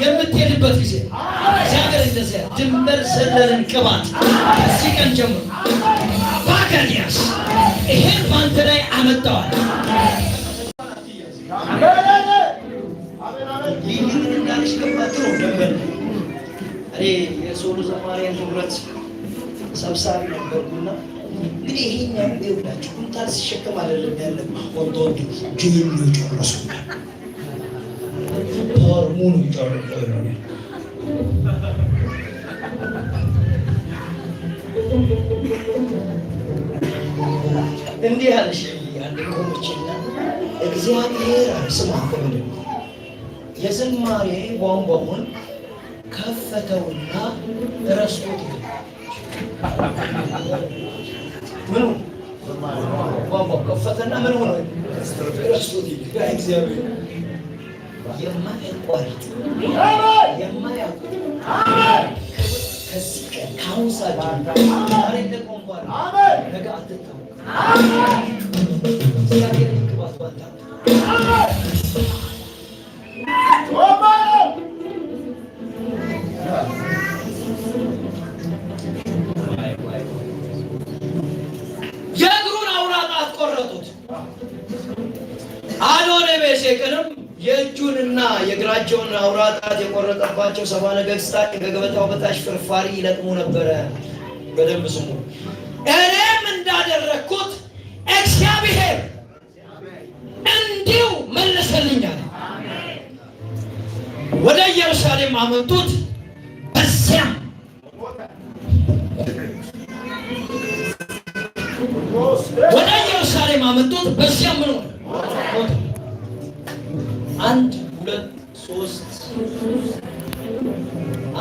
የምትሄድበት ጊዜ እግዚአብሔር እንደዚህ ድንበር ዘለልን ቅባት ከዚህ ቀን ጀምሮ ባካንያስ ይሄን ባንተ ላይ አመጣዋል። ይህንን እንዳልሽገባቸው ነው ደንበር እኔ የሶሉ ዘማሪያን ህብረት ሰብሳቢ ነበርኩና እንግዲህ ይሄኛው ይውላችሁ ኩንታል ሲሸከም አይደለም ያለ ወንዶቹ ጅምሉ ጨረሱ ሆርሞን ይጠርቀው እንዲህ ያለሽ ያለ ቆመችና እግዚአብሔር ስማ ምንድን የዝማሬ ቧንቧውን ከፈተውና ረስቶት ምኑ ቧንቧ ከፈተና ምን ሆነ? ረስቶት እግዚአብሔር የማያቋርጥ የማያቋርጥ ከዚህ ቀን ከአሁን ሰዓት ዛሬ ደግሞ እንኳን የእግሩን አውራ ጣት ቆረጡት። አዶኔቤሴቅንም የእጁንና የእግራቸውን አውራ ጣት የቆረጠባቸው ሰባ ነገሥታት ከገበታው በታች ፍርፋሪ ይለቅሙ ነበረ። በደንብ ስሙ። እኔም እንዳደረግኩት እግዚአብሔር እንዲሁ መለሰልኛል። ወደ ኢየሩሳሌም አመጡት። በዚያም ወደ ኢየሩሳሌም አመጡት። በዚያም ምን ሆነ?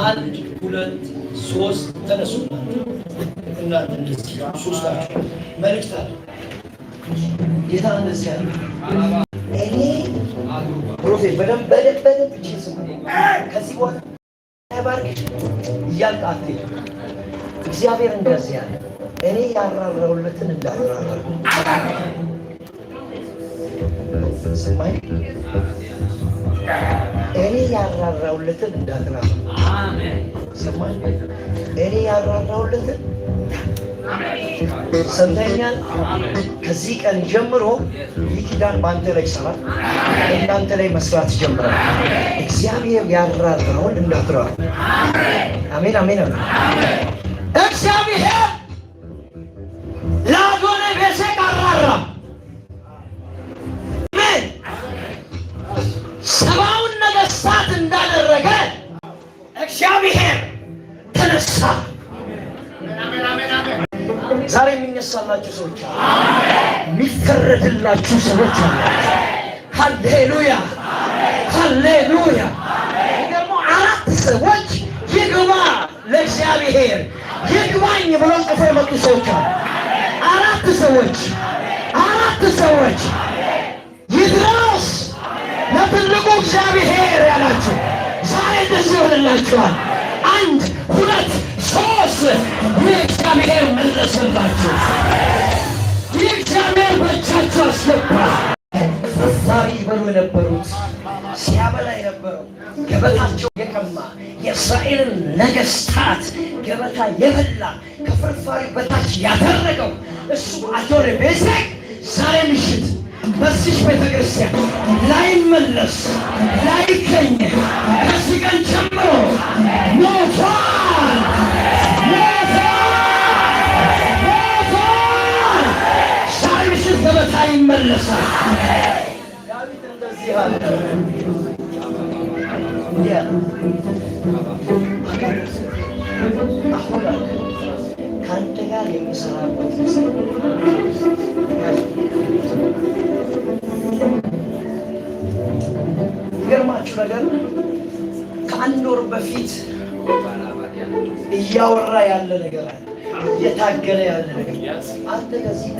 አንድ ሁለት ሶስት ተነሱ። እናንተ እንደዚህ ሶስታችሁ መልእክት አለ። ጌታ እንደዚህ ያለ እኔ ፕሮፌት በደንብ በደንብ በደንብ እጅ ከዚህ በኋላ ባርክ እያልቃት እግዚአብሔር እንደዚህ ያለ እኔ ያራራውለትን እንዳራራ ስማኝ እኔ ያራራውለትን እንዳትራራ። እኔ ያራራውለትን ሰምተኛል። ከዚህ ቀን ጀምሮ ይህ ኪዳን በአንተ ላይ ይሰራል፣ እናንተ ላይ መስራት ይጀምራል። እግዚአብሔር ያራራውን እንዳትራራ። አሜን፣ አሜን። እግዚአብሔር ዛሬ የሚነሳላችሁ ሰዎች አሉ። የሚፈረድላችሁ ሰዎች አሉ። ሃሌሉያ ሃሌሉያ። ደግሞ አራት ሰዎች ይግባ ለእግዚአብሔር ይግባኝ ብለው ጽፎ የመጡ ሰዎች አሉ። አራት ሰዎች አራት ሰዎች ይድረስ ለትልቁ እግዚአብሔር ያላችሁ ዛሬ ደስ ይሆንላችኋል። አንድ ሁለት የነበሩት ሲያበላ የነበረው ገበታቸው የቀማ የእስራኤልን ነገስታት ገበታ የበላ ከፍርፋሪ በታች ያደረገው እሱ አዶኒ ቤዜቅ ዛሬ ምሽት በዚህ ቤተክርስቲያን ላይመለስ ላይገኘ ከአንተ ጋር የሚሰራበት ነገር ከአንድ ወር በፊት እያወራ ያለ ነገር አለ፣ እየታገለ ያለ ነገር አንተ ከዚህ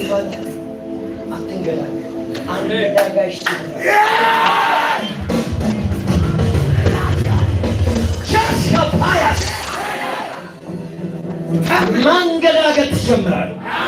Annemden kaçtı. Just a fire! Mangala get some